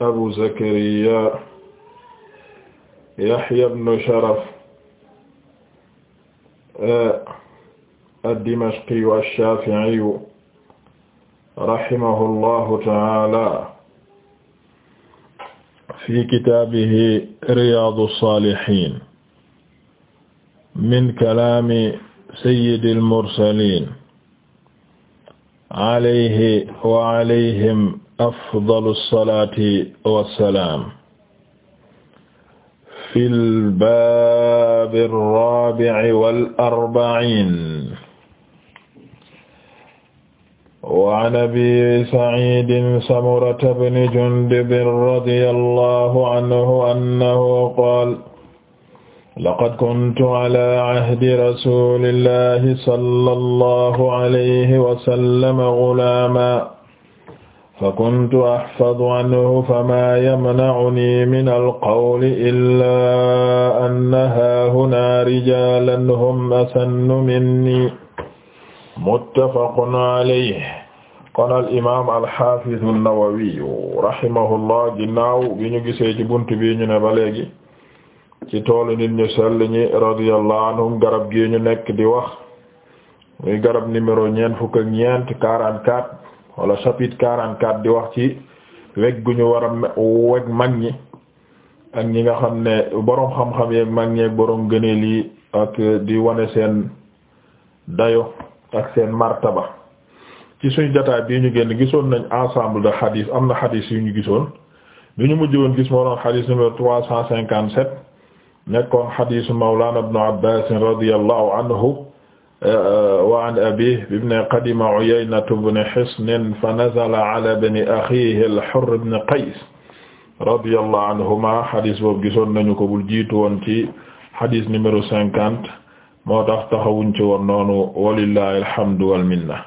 abu zakariya yahya ibn sharaf eh, ad-dimashqiyu ash-shafi'iyu rahimahu llahu ta'ala fi kitaabihi riyaadu saalihiin min kalaami sayyidil mursaliin alayhi wa alayhim afdalu salaati wa salaam fil baabi raabi'i wal arba'iin wa an abi sa'iidin samurata bni jundubin radiyallahu anhu annahu qaala laqad kuntu ala ahdi rasuulillahi sallallahu alayhi wa sallam ghulaaman fakuntu axfadu anhu fama yamnacunii min alqawli illaa anna haahunaa rijaalan hum asannu minni muttafaqun alayhi kon al imaam alxaafidu nnawawiyu rahimahullah ginnaaw bi ñu gisee ci bunt bi ñu ne ba léegi ci toolu nit ñu sell ñi radiyallahu anhum garab gi ñu nekk di wax muy garab numéro ñeent fukk ak ñeent quarante-quatre wala chapitre 44 di wax ci weg gu ñu war a weg mag ñi ak ñi nga xam ne boroom xam-xam yeeg mag ñeeg boroom gëneel yi ak di wane seen dayo ak seen martaba ci suñu jotaay bii ñu génn gisoon nañ ensemble de hadith am na hadith yu ñu gisoon bi ñu mujj woon gis moo doon hadith numéro 357 nekkoon hadith Mawlana ibn Abbas radiyallahu anhu wa an abiihi ibn qadima Uyayna ibn Hisn fa nazala ala bani akhiihi al-Hurr ibn Qays radiyallahu anhuma xadis boobu gisoon nañu ko bul jiitu woon ci xadis numéro cinquante moo tax taxawuñ ci woon noonu walillahi alhamdu wal minna.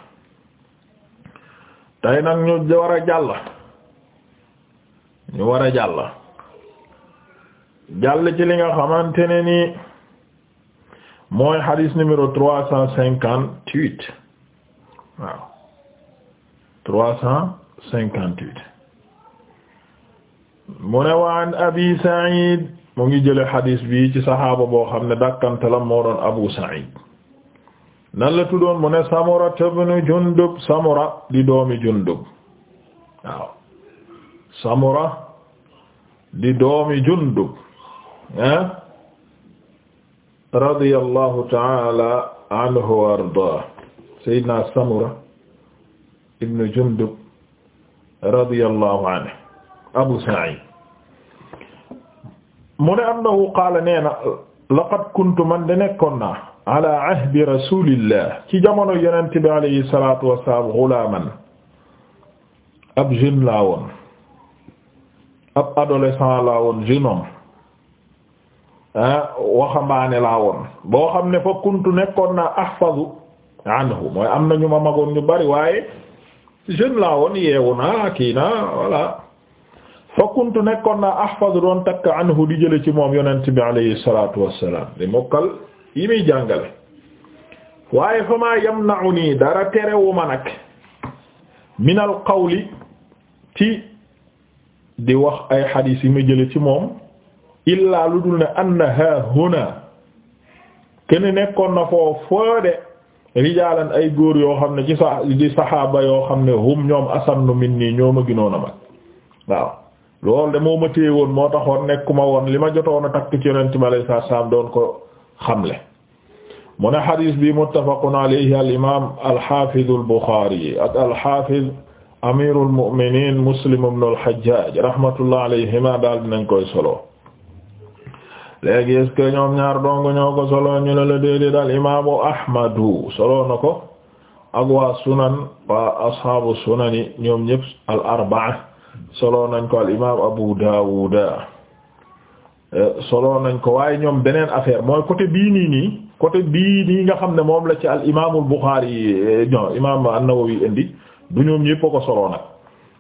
tey nag ñu war a jàll ñu war a jàll jàll ci li nga xamante ne nii. mooy xadis numéro trois cent cinquante huit waaw mu ne waan abi Saïd mu ngi jële xadis bi ci saxaaba boo xam ne dakkantalam moo doon Abu Saïd nan la tuddoon mu ne Samura ibn Jundub Samura di doomi Jundub Samura di doomi Jundub ah radiyallahu ta'ala anhu wa ardaah sayyidina Samura ibn Jundub radiyallahu anhu Abu Sa'id mu ne annahu qaala nee na laqad kuntu man de nekkoon naa ala ahdi rasulillah ci jamono yonent bi alayhi salatu wasalaam ghulaman ab jeune laa woon ab adolescent laa woon jeune homme Ah, waxambaane laa woon boo xam ne fa kuntu nekkoon naa ahfazu anhu mooy am na ñu ma magoon ñu bari waaye jeune laa woon yeewu naa kii naa voilà fa kuntu nekkoon naa ahfazu doon takk anhu di jële ci moom yonent bi alayhi salatu wassalam di mokkal yi muy jàngale waaye fa maa yamna'u nii dara terewu ma nag minal qawli ci di wax ay xadiis yi ma jële ci moom illaa lu dul ne anna ha huna kene nekkoon na foofu foo ay góor yoo xam ne ci sa saxaaba yoo xam ne hum ñoom asannu min nii ñoo ma ginoon a mag waaw de moo ma téye woon moo taxoon nekkuma woon li ma jotoon a takk ci yonent bi salaam doon ko xamle mu ne xadiis bi muttafaqun alayhi al imaam al xaafiz al buxaari ak al xaafiz amiirul mu'miniin muslim ibnul xajjaaj rahmatullah alayhima daal dinañ koy solo. léegi est-ce ñoom ñaar dong ñoo ko solo ñu la la déedéet al imaamu ahmadu solo na ko ak waa sunan waa ashaabu sunani ñoom ñëpp al arbaa solo nañ ko al imaam abu daawuda eh, solo nañ ko waaye ñoom beneen affaire mooy côté bii nii nii côté bii nii nga xam ne moom la ci al imaamul buxaari eh, non imaam nawawi indi du ñoom ñëpp ko solo nag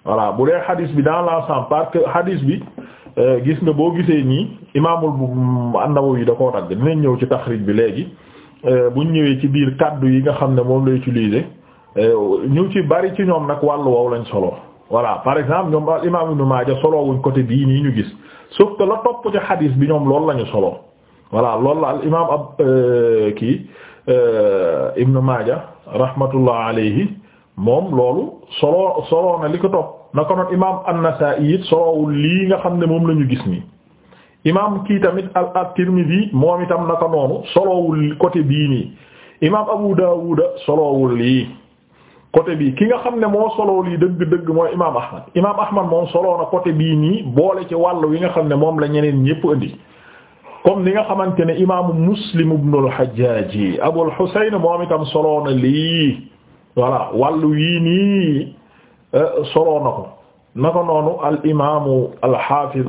voilà bu dee hadis bi dans l'ensemble parce que bi. Euh, gis nga boo gisee nii imaamul An-Nawawi da koo dagg dinañ ñëw ci taxrij bi léegi euh, buñ ñëwee ci biir kàddu yi nga xam ne moom la utiliser euh, ñu ci bari ci ñoom nag wàll wow lañ solo voilà par exemple ñoom al imaam Ibn Maaja solo wuñ côté bii nii ñu gis sauf que la topp ci xadiis bi ñoom loolu lañu solo voilà loolu la al imaam ab kii Ibn Maaja rahmatullah alayhi moom loolu solo solo na li ko topp. na ko noon imaam an-Nasaa'i it lii nga xam ne moom lañu gis nii imaam kii tamit al at-Tirmidhi moom itam naka noonu solowul côté bii nii imaam Abu Daawuda solowul lii côté bii ki nga xam ne moo soloo lii dëgg-dëgg mooy imaam Ahmad imaam Ahmad moom soloo na côté bii nii boole ci wàll wi nga xam ne moom la ñeneen ñépp indi comme ni nga xamante ne imaamu Muslim ibn al-Hajjaj Abul Husayn moom itam soloo na lii voilà wàllu yii nii Euh, soloo na ko naka noonu al imaamu al xaafiz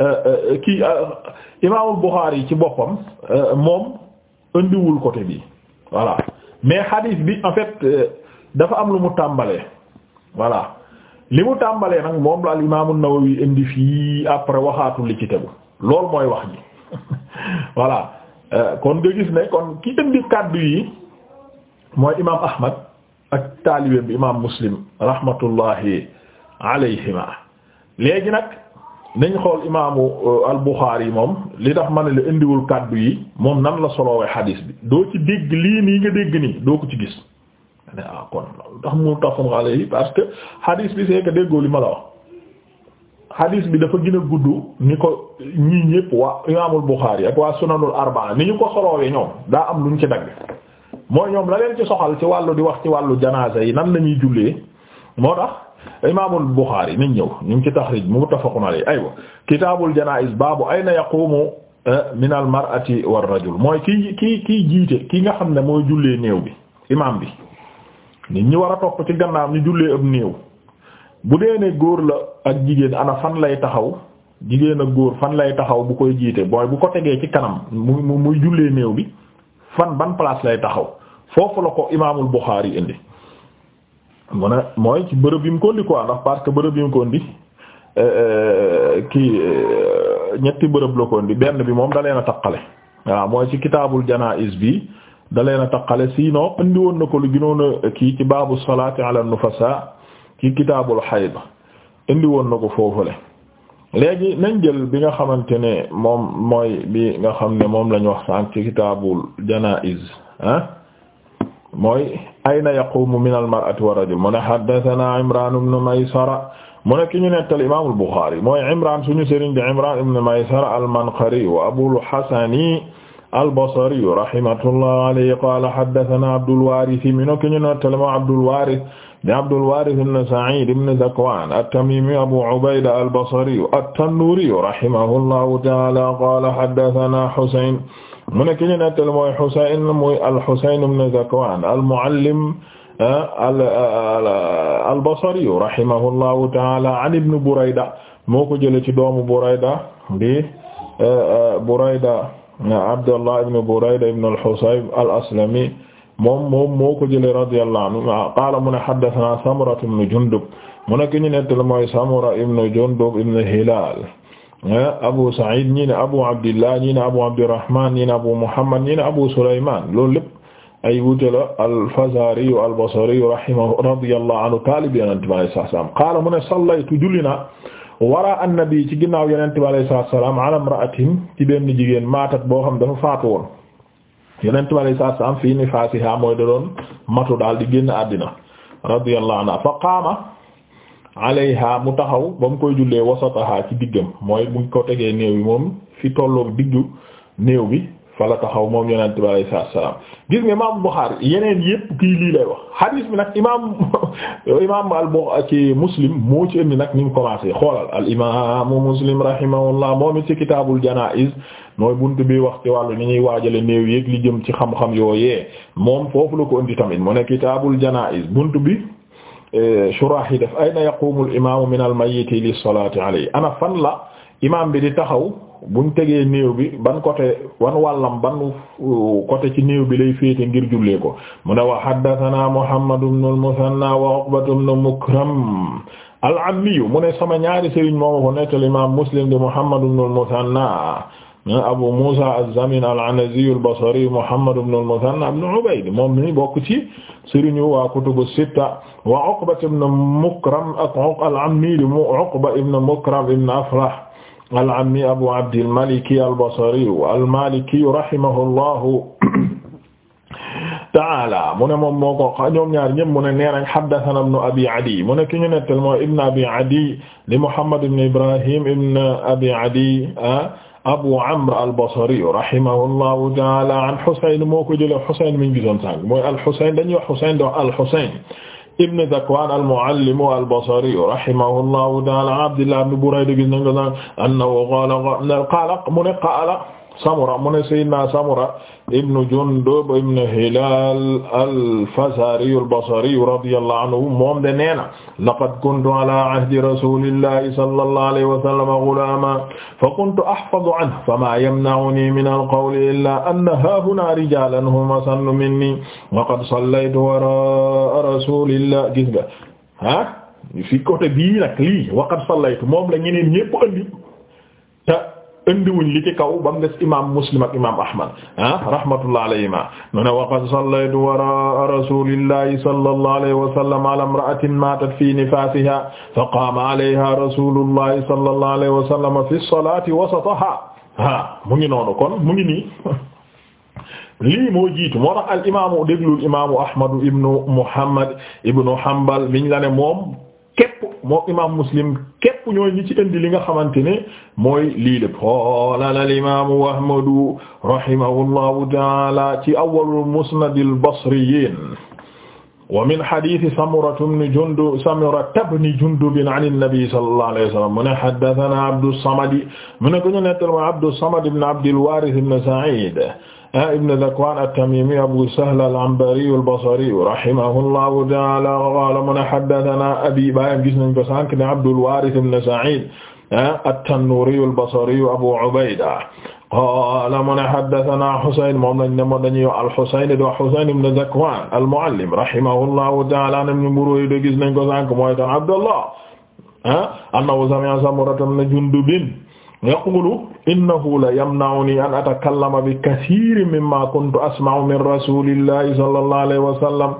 euh, euh, kii imaamul Buxaari ci boppam moom indiwul côté bi voilà mais xadiis bi en fait dafa am lu mu tàmbalee voilà li mu tàmbalee nag moom la al imaamu Nawawi indi fii après waxaatu li ci tegu loolu mooy wax ji voilà kon nga gis ne kon ki indi kàddu yi mooy imaam Ahmad ak taalibeem bi imaam Muslim rahmatullahi alayhima léegi nag nañ xool imaamu euh, al-Bukhari moom li tax ma ne la indiwul kàddu yi moom nan la solowee xadiis bi doo ci dégg lii nii nga dégg nii doo ko ci gis ne ah kon loolu tax mu tafam alayhi parce que xadiis bi c'est que déggoo li ma la wax xadiis bi dafa gën a gudd ni ko ñii ñëpp waa imaamul Bukhari ak waa sunanul arbaa ni ñu ko solowee ñoom daa am lu ñu ci dagg mooy ñoom la leen ci soxal ci wàllu di wax ci wàllu janaasa yi nan lañuy jullee moo tax imaamul Buxaari nañ ñëw ñu ngi ci taxrij muttafaqun alayhi aywa kitaabul janaa'iz baabu na yaqumu eh, min al mar'ati war rajul mooy kii kii kii jiite kii nga xam ne mooy jullee néew bi imaam bi nit ñi war a topp ci gannaaw ñu jullee ab néew bu dee ne góor la ak jigéen ana fan lay taxaw jigéen ak góor fan lay taxaw bu koy jiite mooy bu ko tegee ci kanam mu muy jullee néew bi fan ban place lay taxaw foofu la ko imaamul Buxaari indi mu mooy ci bërëb yi mu ko ndi ndax parce que bërëb yi mu ko ndi euh, euh, kii euh, ñetti bërëb la ko benn bi moom da leen a taqale waaw mooy ci kitaabul janaa'iz bi da leen a taqale sinon andi woon na ko lu gënoon kii ci baabu salaati ala nufasa ci kitaabul hayd indi woon na ko foofule léegi nañ jël bi nga xamante ne moom mooy bi nga xam ne moom lañ wax sànq ci kitaabul janaa'iz ah mooy ayna yaqumu min almarati wa rajul mu ne haddathana imran ibn maysara mu ne ki ñu nettal imam al-Bukhari mooy imran suñu sëriñ di imran ibn maysara al-manqari wa abul hasani al-basri rahimahullah alayhi qala haddathana abdul warith mi ne ki ñu nettal ma abdul warith di abdul warith ibn sa'id ibn zakwan at-tamimi abu ubayda al-basri at-tannuri rahimahullahu ta'ala qala haddathana husayn mu ne ki ñu nettali mooy Husayn muy al-Husayn ibn Zakwan al-Muallim ah, al-Basri rahimahullahu ta'ala an ibn Burayda moo ko jëlee ci doomu Burayda bi eh, eh, Burayda Abdullah ibn Burayda ibn al-Husayb al-Aslami moom moom moo ko jëlee radiyallahu anhu ah, qaala mu ne haddathana Samura ibn Jundub mu ne ki ñu nettali mooy Samura ibn Jundub ibn Hilal Eh, Abu Sa'id ñii ne Abu Abdillah ñii ne Abu Abdirrahman ñii ne Abu Muhammad ñii ne Abu Sulayman loolu lépp ay wuute la al-Fazari al-Basri rahimahu radiyallahu anhu taalib Yonent bi alayhi salaam qaala mu ne sallaytu julli naa wara annabi ci ginnaaw Yonent bi alayhi salaam ala imra'atin ci benn jigéen maatat boo xam dafa faatu woon Yonent bi alayhi salaam fii nifaasihaa mooy da doon matu daal di génn àddina radiyallahu anha fa qaama alayha mu taxaw ba mu koy jullee wasataha ci diggam mooy bu ñu ko tegee néew bi moom fi tolloog diggu néew bi fala taxaw moom yonent bi alayhi salaam gis nga imaam Buxaari yeneen yëpp kii lii lay wax hadis bi nag imaam imaam al Buxaari Muslim moo ci indi nag ni mu commencé xoolal al imaamu Muslim rahimahullah moom it ci kitaabul janaa'iz mooy bunt bi wax ci wàllu ni ñuy waajale néew yeeg li jëm ci xam-xam yooyee moom foofu la ko indi tamit mu ne kitaabul janaa'iz bunt bi. shuraax yi def ayna yaqumu al imaamu min al li salaati alayhi ana fan la imaam bi di taxaw buñ tegee néew bi ban côté wan wàllam ban uh, côté ci néew bi lay féete ngir jullee ko mu ne wa Muhammad ibn al wa Uqbat ibn Mukram al-Ammi mu ne sama ñaari sëriñ moo ma ko nettali imaam Muslim di Muhammad ibn al-Muthanna Abu Musa az-Zamin al-Anazi al-Basri Muhammad ibn al-Muthanna ibn Ubayd moom mi bokk ci sëriñu waa kutubu sitta wa Uqba ibn Mukram ak al-Ammi di Uqba ibn Mukram ibn Afrah al-Ammi Abu Abd al-Maliki al-Basri al-Maliki rahimahullahu taala mu ne moom moo ko ñoom ñaar ñëpp mu ne nee nañ haddathana ibnu abi adi mu ne ki ñu nettal moo ibnu abi adi li Muhammad ibn Ibrahim ibn abi adi ah, Abu Amr al-Basri rahimahullahu ta'ala an Husayn moo ko jëlee Husayn mi ngi gisoon sànq mooy al-Husayn dañuy wax Husayn doo al-Husayn ibn Zakwan al-Muallim al-Basri rahimahullahu ta'ala Abdullah ibn Burayda gis nañ ko annahu qaala mu ne qaala Samura mu ne Seydina Samura ibnu Jundub ibnu Hilaal al-Fazari al-Basri radiyallahu anhu moom de nee na laqad kuntu ala ahdi rasulillahi sallallahu alayhi wa sallam ghulaman fa kuntu ahfazu anhu fama yamna'uni min al-qawli illa anna haahuna rijalan hum asannu minni wa qad sallaytu wara'a rasulillahi gis nga ah fi côté bii nag lii wa qad sallaytu moom la ñeneen ñépp andi indiwuñ li ci kaw ba mu des imaam muslim ak imaam ahmad ah rahmatullah alayhima mu ne waqad sallaytu wara rasulillahi sallallahu alayhi wa sallam ala imra'atin matat fi nifasiha fa qama alayha rasulullahi sallallahu alayhi wa sallam fi salati wasataha ah mu ngi noonu kon mu ngi nii lii moo jiitu moo tax al imaamu déglul imaamu ahmadu ibnu muhammad ibnu hanbal miñ la ne moom képp moo imaam muslim képp ñooy ñi ci indi li nga xamante ne mooy lii lépp xoolal al imaamu ahmadu rahimahullahu taala ci awwalul musnadil basriyin wa min hadiisi samurata bni jundub samurata bni jundubin an nabi sallallahu alayhi wa sallam mu ne haddasanaa abdus samad mu ne ko ñu nettal mooy abdus samad ibn abdil waaris ibn sa'iid Ah ibn Zakwan at-Tamimi Abu Sahl al-Anbari al-Basri rahimahullahu ta'ala qala man haddathana abi baayam gis nañ ko sànq ne Abdul Warith ibn Sa'id ah at-Tannuri al-Basri Abu Ubayda qaala man haddathana Husayn moom lañ ne moom dañuy al-Husayn do Husayn ibn Zakwan al-Muallim rahimahullahu ta'ala nam Buruyd gis nañ ko sànq mooy kan Abdullah ah annahu sami'a Samurata min Jundubin yaqulu innahu la yamna'uni an atakallama bi kathirin mimma kuntu asma'u min rasulillahi sallallahu alayhi wa sallam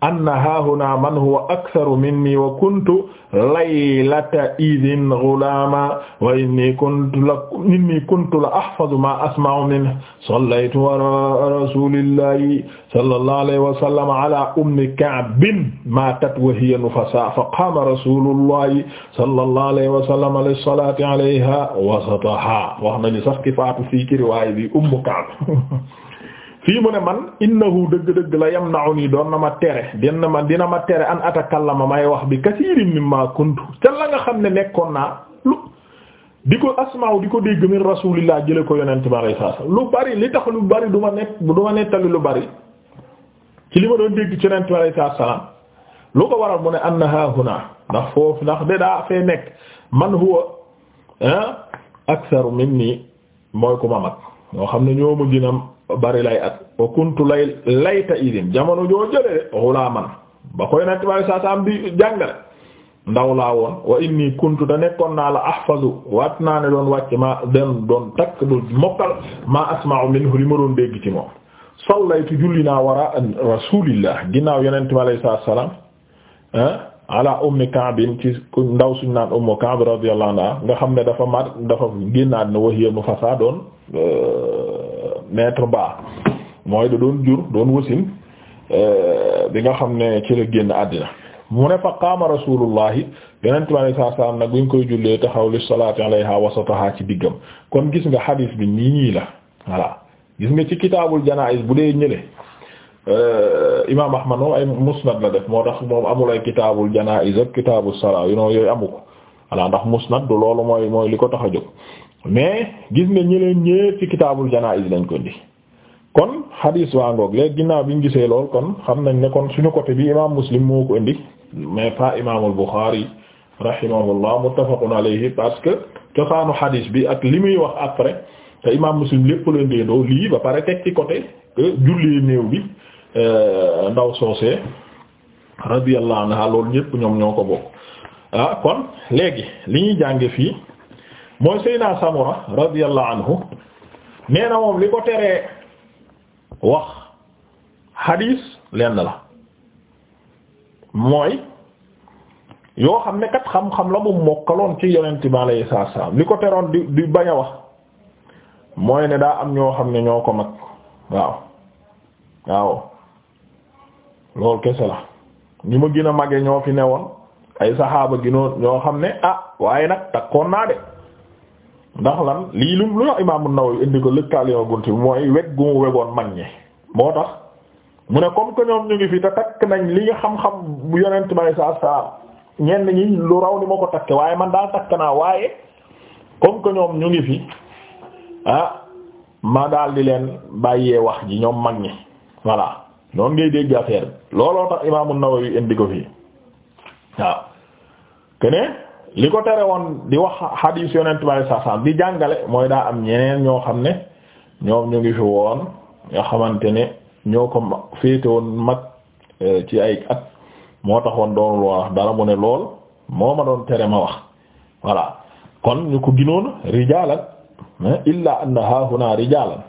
anna haahuna man huwa aktharu minni wa kuntu laylata idin ghulama wa inni kuntu la inni kuntu la ahfazu ma asma'u minhu sallaytu wara rasulillahi sallallahu alayhi wa sallam ala ummi ka'bin matat wa hiya nufasa fa qama rasulullahi sallallahu alayhi wa sallam lis-salati alayha wasataha wax nañu sax ki faatu fii ci riwaaya bi ummu ka'b fii mu ne man innahu dëgg-dëgg la yem yamna'uni doon na ma tere dina ma dina ma tere an atakallama may wax bi kasiirin mimma kuntu ca la nga xam ne nekkoon naa lu di ko asmaaw di ko dégg min rasulillah jële ko yonent ba saa lu bari li tax lu bari du ma nekk du ma nettali lu bari ci li ma doon dégg ci yonent ba saa salaam lu ko waral mu ne anna haahuna ndax foofu ndax de daa fee nekk man huwa ah aktharu minni mooy ku ma mag xam ne ñoo ma bari lay at wa kuntu lay layta idin jamono joo jëlee xulaaman ba koy nag waaye saa saa am woon wa inni kuntu da nekkoon naa la ahfazu waat naa ne doon wàcc ma den doon takk du mokkal ma asma'u minhu li ma doon dégg ci moom sallaytu julli naa wara rasulillah ginnaaw yonent bi alayhi salaam ah, ala ummi Ka'bin ci ndaw suñ naan ummu Ka'b radiyallahu anha nga xam ne dafa mat dafa génnaat ne wahiya mu fasaa doon maître ba mooy da doon jur doon wasin euh, bi nga xam ne ci la génn àddina mu ne fa qaama rasulullahi yonent bi alei saat salaam nag bu koy jullee taxaw li salaati alayha wasataha ci diggam kon gis nga xadiis bi nii ñii la voilà gis nga ci kitaabul janaais bu dee ñële euh, imaam ahmad moom ay musnad la def moo tax moom amul ay kitaabul janaais ak kitaabul salaa yu yooyu amu ko voilà ndax musnad du loolu mooy mooy li ko tax a jóg mais gis nga ñu leen ñëpp ci kitaabul janaa'iz lañ ko di kon hadis waa ngoog léegi ginnaaw bi ñu gisee lool kon xam nañ ne kon suñu côté bi imaam muslim moo ko indi mais pas imaamul buxaari rahimahullah muttafaqun alayhi parce que cosaanu hadis bi ak li muy wax après te imaam muslim lépp la ndeendoo lii ba pare teg ci côté que jullee néew bi euh, ndaw soosee radiyallahu anha loolu ñëpp ñoom ñoo ko bokk ah, kon léegi li ñuy jànge fii. mooy naa Samura radiyallahu anhu nee moom li ko teree wax xadiis lenn la mooy yoo xam ne kat xam-xam la mu mokkaloon ci yonent bi alayhi salaam li ko teroon di di wax mooy ne daa am ñoo xam ne ñoo ko mag waaw waaw loolu kese la ñu ma gën a mage ñoo fi newoon ay saxaaba ginoon ñoo xam ne ah waaye nag takkoon naa de ndax lan lii lu lu la Imaam An-Nawawi indi ko lëkkaale yoo gunti mooy weg gu mu wegoon mag ñi moo tax mu ne comme que ñu ngi fi te takk nañ li nga xam-xam bu yonent bi saa saa ñenn ñi lu raw ni ma ko takke waaye man daal takk naa waaye comme que ñu ngi fi ah ma daal di leen bàyyee wax ji ñoom mag ñi voilà noonu ngay dégg affaire bi looloo tax Imaam An-Nawawi indi ko fii waaw kene li ko tere woon di wax xadiis yonent bi alayhi salaam di jàngale mooy daa am ñeneen ñoo xam ne ñoom ñu ngi fi woon nga xamante ne ñoo ko féete woon mag eh, ci ay at moo taxoon doonul wax ne lool moo ma doon tere ma wax voilà kon ñu ko ginoon rijaalan illa anna haahuna rijaalan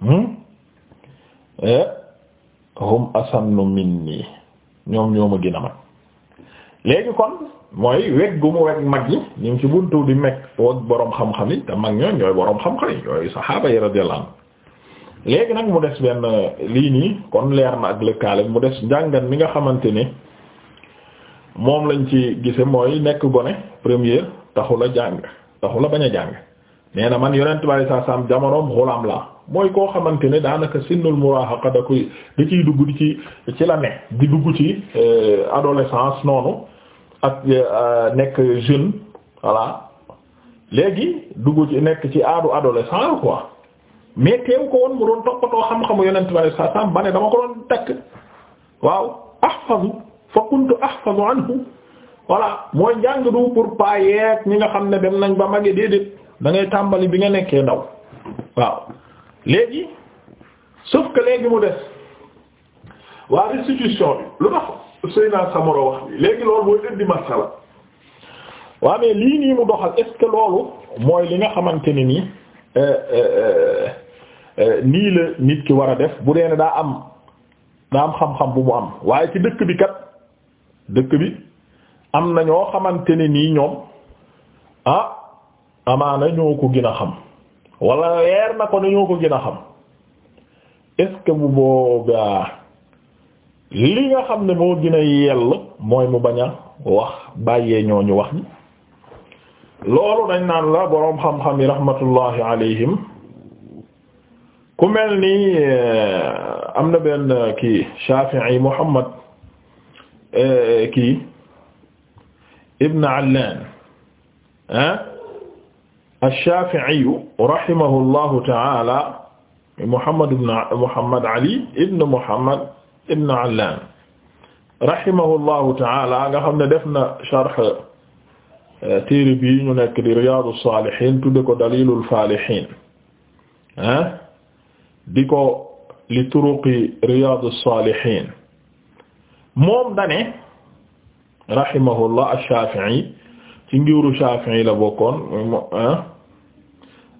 hmm? eh, hum asannu minni ñoom ñoo ma mag léegi kon mooy weg gu mu weg mag yi ñu ngi ci buntu di meg wag boroom xam-xam yi te mag ñooñ ñooy boroom xam-xam yi ñooy saxaaba yi radiyallahu léegi nag mu des benn lii nii kon leer na ak lëkkaale mu des njàngan mi nga xamante ni moom lañ ci gise mooy nekk gone première taxu la jàng taxu la bañ a jàng nee na man yonent bari saa saam jamonoom xulaam la mooy koo xamante ne daanaka sinnul muraahaqa da koy da ciy dugg di ci ci la ne di dugg ci euh, adolescence noonu ak euh, nekk jeune voilà léegi dugg ci nekk ci aadu adolescent quoi mais teew ko woon mu doon toppatoo xam-xamu yonent bi sallallahu alayhi wasallam ba ne dama ko doon takk waaw ahfazu fa kuntu ahfazu anhu voilà mooy njàng du pour payeek ñi nga xam ne dem nañ ba mage déedéet da ngay tàmbali bi nga nekkee ndaw waaw léegi sauf que léegi mu des waa restitution lu tax Seyna Samora wax léegi loolu mooy indi masala waa mais lii nii mu doxal est loolu mooy li nga xamante ni nii euh, euh, euh, nii la nit ki war a def bu dee ne daa am daa am xam-xam bu mu am waaye ci dëkk bi kat dëkk bi am na ñoo xamante ne nii ñoom ah amaana ñoo ko gën a xam walla leer na ko ne ko gën a xam est bu boobaa. li nga xam ne moo gën a yell mooy mu bañ a wax bàyyee ñooñu wax ñi loolu dañ naan la boroom xam-xam yi rahmatullahi alayhim ku mel ni eh, am na benn kii Shafi'i Muhammad eh, kii Ibn Allan ah ash-Shafi'i rahimahullahu ta'ala Muhammad ibn Muhammad Ali ibn Muhammad ibn Allaan rahimahullahu taala nga xam ne def na sharh euh, téere bii nekk di Riyâdous-Sâlihîne tudde ko Dalîlul Fâlihîne ah di ko li turuqi Riyâdous-Sâlihîne moom dane rahimahullah ash-Shâfi'î ci ngiwru Shâfi'î la bokkoon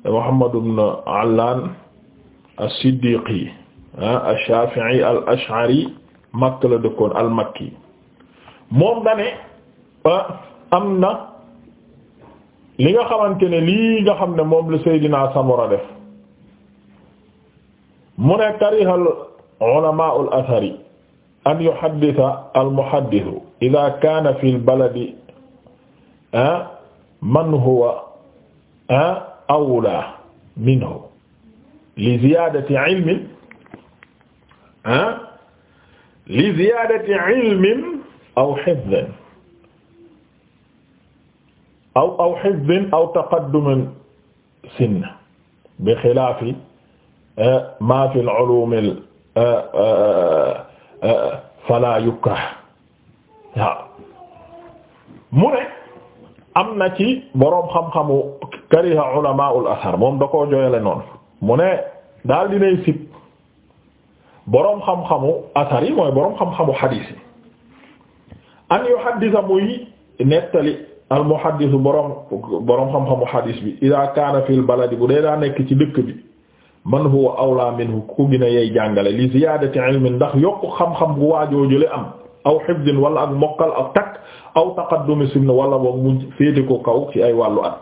Muhammad ibn Allaan as-Siddiqi Ah, ash-Shafi'i al-Ash'ari Makka la dëkkoon al-Makki moom dane ah, am na li nga xamante ne lii nga xam ne moom la Seydina Samura def mu ne kariha al-ulama al-athari an yuhadditha al-muhaddithu idha kana fi al-baladi ah, man huwa awla minhu li ziyadati ilmin ah li ziyaadati ilmin aw hifdin aw aw hifdin aw taqaddumin sinn bi xilaafi eh, maa fi al-ulum eh, eh, fala yukrah waaw mu ne am na ci boroom xam-xamu kariha ulama al-athar moom da koo jooyale noonu mu ne daal dinay sib boroom xam-xamu asar yi mooy boroom xam-xamu xadiis yi an yuhaddisa muy nettali al muhaddisu boroom boroom xam-xamu xadiis bi ida kaana fil baladi bu dee daa nekk ci dëkk bi man huwa awla minhu ku gën a yey jàngale li ziyaadati ilmin ndax yokk xam-xam bu waajoo jële am aw xibdin wala ak mokkal ak takk aw taqaddumi simn wala boog mu féete ko kaw ci ay wàllu at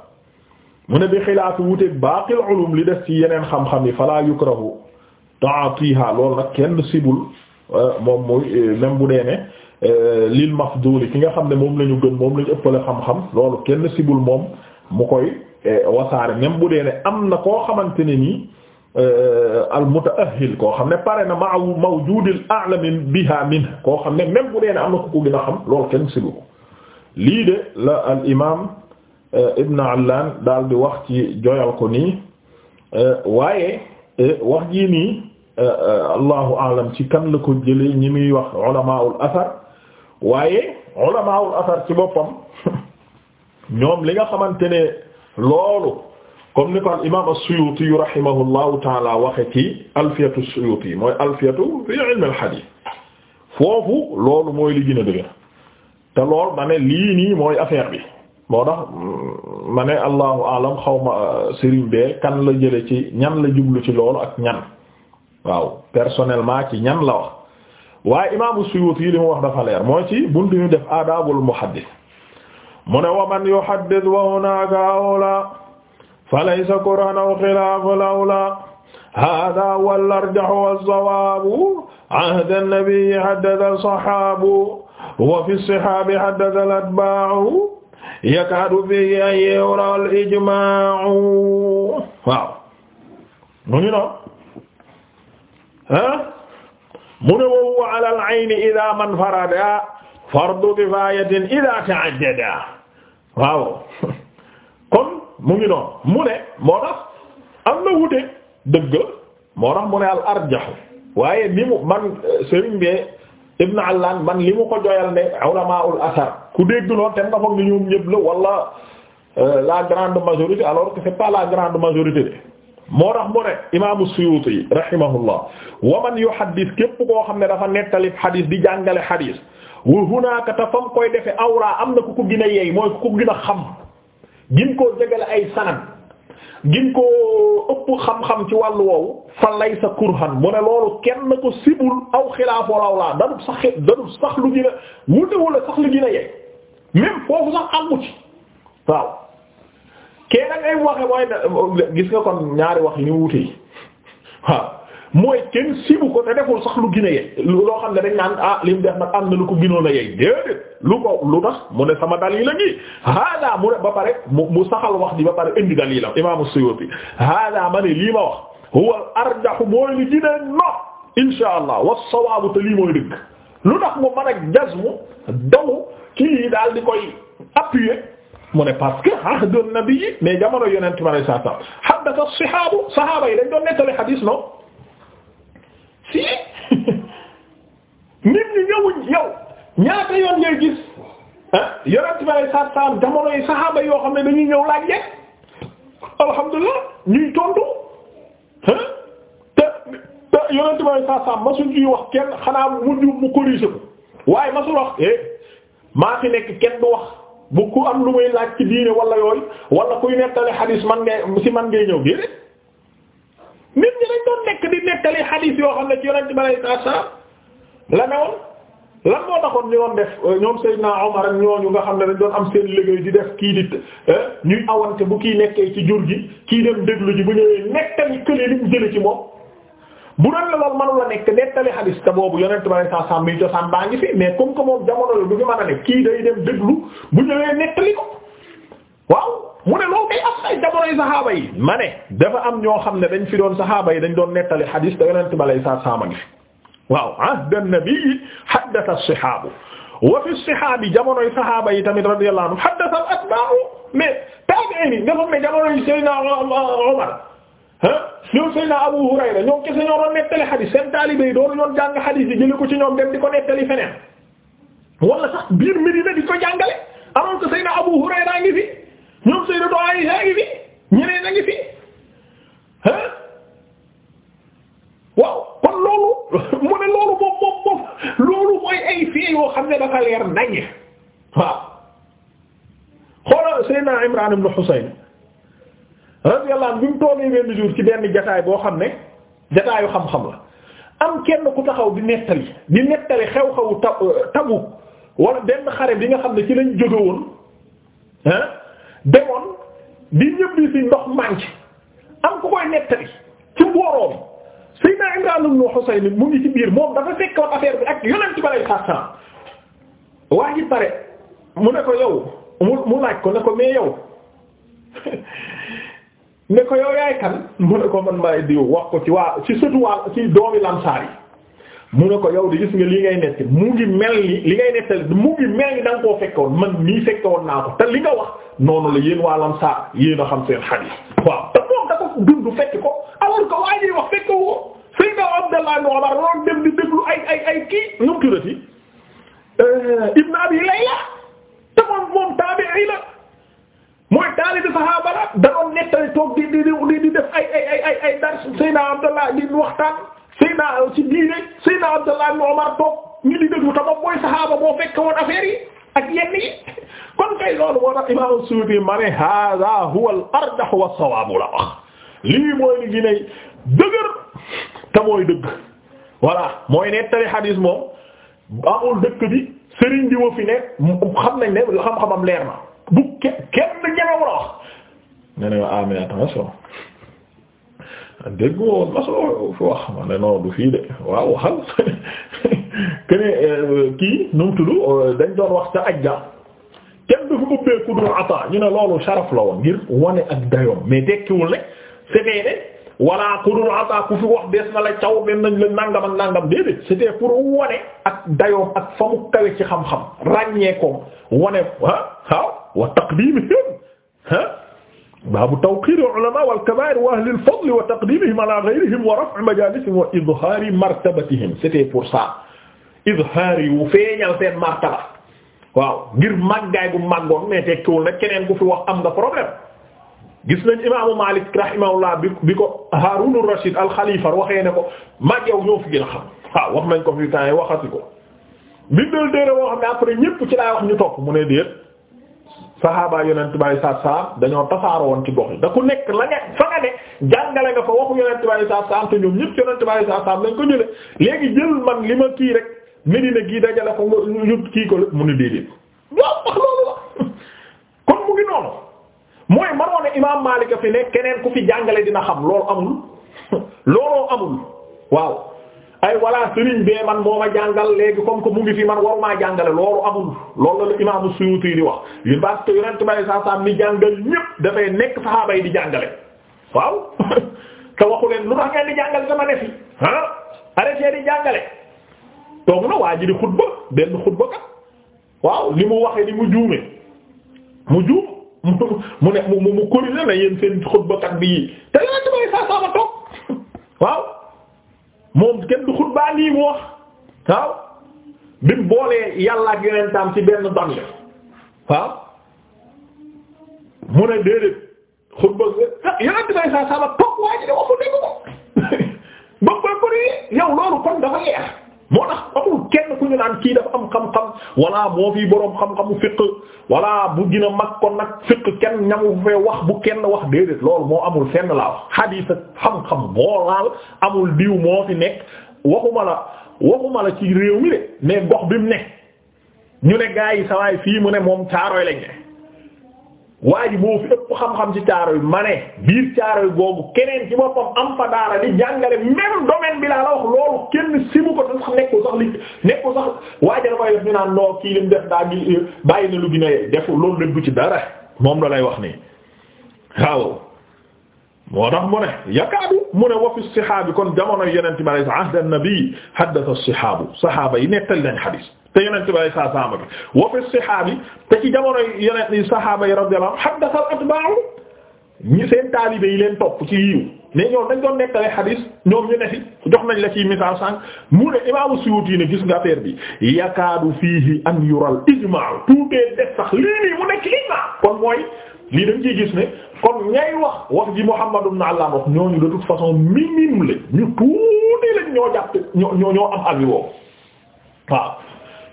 mu ne bi xilaafi wuteeg baaqil ulum li des ci yeneen xam-xam yi fala yukrahu taatiha lool nag kenn sibul euh, moom muy euh, même bu dee ne euh, lil mafduli ki nga xam ne moom lañu ñu gën moom la ëppale xam-xam loolu kenn sibul moom mu koy wasaare même bu dee ne am na koo xamante ne nii al mutaahil koo xam ne pare na ma mawjudil a'lam biha min koo xam ne même bu dee ne am na ku ko gën xam loolu kenn sibul ko lii de la al imaam Ibn Allaan daal di wax ci joyal ko nii waaye wax jii nii. Euh, euh, allahu alam ci kan la ko jëlee ñi muy wax ulamaul asar waaye ulamaul asar ci boppam ñoom li nga xamante ne loolu comme ni ko al imam as-Suyuti taala waxe ci alfiyatu as-Suyuti mooy alfiyatu fi ilm al-hadith foofu loolu mooy li gën a dëgër lool ma ne lii nii mooy affaire bi moo tax ma ne allahu alam xawma euh, sëriñ bee kan la jële ci ñan la jublu ci loolu ak ñan waaw personnellement ci ñan la wax waaye imaamu Suyuti yi li mu wax dafa leer mooy ci buntu ñu def aadaabul muhaddis mu ne wa man yuhaddis wa hunaaka awla fa laysa qur'an aw xilaaful awla haadaa wal arjahu was-sawaabu ahda nabiyyi haddasa sahaabu wa fi sihaabi haddasa al-atbaa'u yakaadu fiihi an yuraa al-ijmaa'u waaw mu ngi noonu ah mu ne wa huwa ala al ayni idha man farada fardu kifayatin idha ta'addada waaw kon mu ngi noonu mu ne moo tax am na wute dëgg moo tax mu ne al arjahu waaye ni mu man euh, Serigne bi Ibn Allan man li mu ko joyal ne ulamaul asar ku dégg noonu te nga foog ni ñoom ñëpp la wala euh, la grande majorité alors que c'est pas la grande majorité de. moo tax mu ne imaamu Suyuuti rahimahullah wa man yuhaddis képp koo xam ne dafa nettali xadis di jàngale xadis wa hunaaka te fam koy defe awra am na ku ko gën a yey mooy ku ko gën a xam gin koo jegale ay sanad gin koo ëpp xam-xam ci wàllu woowu fa laysa kurhan mu ne loolu kenn ko sibul aw xilaafu lawla dadub sax dadub sax lu gën a wutewula sax lu gën a yey même foofu sax amu ci waaw kee nag ay waxe mooy gis nga kon ñaari wax yi ñu wute yi waaw mooy kenn sibu ko te sax lu gine a loo xam ne dañ naan ah li mu def nag am na lu ko gënoon a lu ko lu tax mu ne sama dalil la gi hada mu ne ba pare mu saxal wax di ba pare indi dalilam imaamu Suyuti hada ma ne lii ma wax huwa arjahu mooy li gën a no insha allah wa sawaabu te lii mooy dëgg lu tax mu mën a jazmu daw kii daal di koy appuyer mu ne parce que ahdun nabi mais jamono yonent ma lay saa saa haddasa sahaabu sahaaba yi dañ doon nettali xadiis no si nit ñi ñëwuñ yow ñaata yoon ngay gis ah yonent saa saa jamono yi saxaaba yoo xam ne dañuy ñëw laaj yegg alhamdulilah ñuy tontu ah te te yonent ma lay saa saa masuñ ciy wax kenn xanaa mujj mu corrigé ko waaye masul wax eh, maa fi nekk kenn du wax. bu ku am lu muy laaj ci diine walla yooyu wala kuy nettali xadiis man ngay ci man ngay ñëw déedéet nit ñi dañ doon nekk di nettali xadiis yoo xam ne ci yonent bi alayhi salaam la newoon lan moo taxoon ñu doon def euh, ñoom Seydina Omar ak ñooñu nga xam ne dañ doon am seen liggéey di def kii di euh, ñuy awante bu kii nekkee ci jur gi kii dem déglu ji bu ñëwee nettali kële li mu jële ci moom bu doon la loolu mënu la nekk nettali xadis te boobu yonent ba ne saa saa muy cosaan baa ngi fi mais comme que moom jamono la du ñu mën a ne kii day dem déglu bu ñëwee nettali ko waaw mu ne loolu kay am ay jamonoy saxaaba yi ma ne am ñoo xam ne dañ fi doon saxaaba yi dañ doon nettali xadis te yonent ba lay saa saa ma ngi fi waaw ahda nabii haddatha as-sihaabu wa fi as-sihaabi jamonoy saxaaba yi tamit radiyallahu anhu haddatha al-atbaa'u mais tabi'iin dafa ne jamonoy Seydina Umar ñoom Seydina Abu Hurayra ñoom kese ñoo doon nettali xadiis seen taalibe yi doon ñoon jàng xadiis yi jële ko ci ñoom dem di ko nettali feneen wala sax biir Medina di ko jàngale alors que Seydina Abu Hurayra ngi fi ñoom Sayyidatu Aisha ngi fi ñeneen a ngi fi ah waaw kon loolu mu ne loolu moom moom moom loolu mooy ay fii xam ne dafa leer naññe waaw xoolal Seydina Imran ibn Husayn radiyallahu anhu bi mu toogee benn jour ci benn jataay boo xam ne jataayu xam-xam la am kenn ku taxaw bi nettali di nettali xew-xewu ta euh, tabu wala benn xare bi nga xam ne ci lañ jóge woon ah demoon di ñëpp di si ndox am ku koy nettali ci mbooroom Seydina Imraan ibn Husayn mu ngi ci biir moom dafa fekkoon affaire bi ak yonent bi lay sàttan pare mu ne ko yow mu laaj ko ne ko mais yow. ne ko yow yaay kan mu ne ko man maay diw wax ko ci waa ci surtout waa ci doomi lamsaar yi mu ne ko yow di gis nga li ngay netti mu ngi mel ni li ngay nettal mu ngi mel ni da nga koo fekkoon man mii fekkoon naa ko te li nga wax noonu la yéen waa lamsaar yéen a xam seen xadiis waaw te moom da ko dund fekk ko alors que waa ñuy wax fekk ko Seydina Abdallah ibn Umar loolu dem di déglu ay ay ay kii nu mu euh, Abi Layla te moom moom taabi'i la mooy taalibi saxaaba la da doon nettali toog di di di di def ay ay ay ay ay dars Seydina Abdallah di waxtaan Seydina ci diine Seydina Abdallah ibn Umar toog ñu di déglu te moom mooy saxaaba boo fekke woon affaire yi ak yenn kon kay loolu moo tax Imaam Suyuti ma ne haaza huwa wa as-sawaab la wax lii mooy li ginay dëgër te mooy dëgg voilà mooy nettali xadiis moom amul dëkk bi sëriñ di wo fi ne xam nañ ne xam-xamam leer na. bu kenn kenn ñemewu la wax ne ma ah mais attention dégg nga woon masoo fi wax ma ne non fii de waaw waxal que euh, kii nu mu euh, dañ doon wax ca ajja kenn du fi ubbee ku dul ata ñu ne loolu sharaf la woon ngir wane ak dayoom mais tekkiwul rek c'était ne walla ku dul ata ku fi wax des na la caw den nañ la nangam ak nangam déedéet c'était pour wane ak dayoom ak fa mu kawe ci xam-xam ràññee koom wane ah wa taqdimihim ha baabu tawqiri ulama wal kabaa'ir wa ahli al fadl wa taqdimihim ala ghayrihim wa raf'i majalisihim wa idhaari martabatihim c'était pour ça idhaari wu feeñal seen martaba waaw ngir màggaay bu màggoon mais tekkiwul nag keneen ku fi wax am nga problème gis nañ imaamu Maalik rahimahullah bi bi ko Haarun ar-Rashid al-Khalifa waxee ne ko mag yow ñoo fi gën a xam waaw wax nañ ko fi temps waxati ko bindal déere boo xam ne après ñépp ci laa wax ñu topp mu ne déet saxaaba yonent bi alayhi salaatu salaam dañoo tasaaroo woon ci gox yi da ku nekk la nga fa nga ne jàngale nga fa waxu yonent bi alayhi salaatu salaam te ñoom ñëpp yonent bi alayhi salaatu salaam lañ ko jële léegi jël man li ma kii rek Medina gii dajale ko nga yóbbu kii ko lépp mu ne déedéet. waaw wax loolu la kon mu ngi noonu mooy mënoon a imaam Maalik a fi ne keneen ku fi jàngale dina xam loolu amul looloo amul waaw. ay walla sëriñ bee man moo ma jàngal léegi comme que mu ngi fi man warumaa jàngale loolu amul loolu la imaamu Suyuti di wax li parce que yonent bay saa saa ni ñépp dafay nekk saxaaba yi di jàngale waaw te waxu leen lu tax ngeen di jàngale sama ah, waaw li mu waxee ni mu mu mu ne mu mu corrigé bi toog waaw moom kenn du xutbaa nii mu wax waaw bi mu boolee yàlla ak yonentam ci benn damle waaw mu ne déedéet xutba ah yonent bay saa saaba toog waa ji de waxu dégg ko ba koy ko yow loolu kon dafa leer moo tax amul kenn ku ñu naan kii dafa am xam-xam walla moo fi boroom xam-xamu fiq walla bu gina mag kon nag fiq kenn ñamu fee wax bu kenn wax déedéet loolu moo amul fenn laa wax xadiis ak xam-xam boo laal amul diw moo fi nekk waxuma la waxuma la ci réew mi de mais gox bi mu ne ñu ne gaa yi sawaay fii mu ne moom caaroy lañ ne waa ji moo fi ëpp xam-xam ci caaro yi ma ne biir caaro yi googu keneen ci boppam am fa daara di jàngale même domaine bi laa la wax loolu kenn simu ko sax nekkul sax li nekkul sax waa naan noo kii def daa ngi euh, bàyyi na lu gën a def loolu lépp bu ci dara moom la lay wax nii waaw. moo tax mu ne yakaadu mu ne wa fi sihaabi kon jamono yeneen ci ma lay sax ahda nabi haddatha as-sihaabu sahaaba yi nettali nañ xadiis te yonent bi saa saama bi wa fi sihaabi te ci jamono yonent yi sahaaba yi radiyallahu anhum haddathal atba'u ñi seen taalibe leen topp ci yiw mais ñoom dañ doon nekkale xadiis ñoom ñu ne fi jox nañ la ci misaal sànq mu ne imaamu ne gis nga bi yakaadu fiihi an yural ijmaa tuutee des sax lii nii mu nekk ijmaa kon mooy lii dañ ciy gis ne kon ñay wax wax ji Muhammad ibn Allah wax ñooñu de toute façon minime la ñu tuuti lañ ñoo jàpp ñoo am avis woowu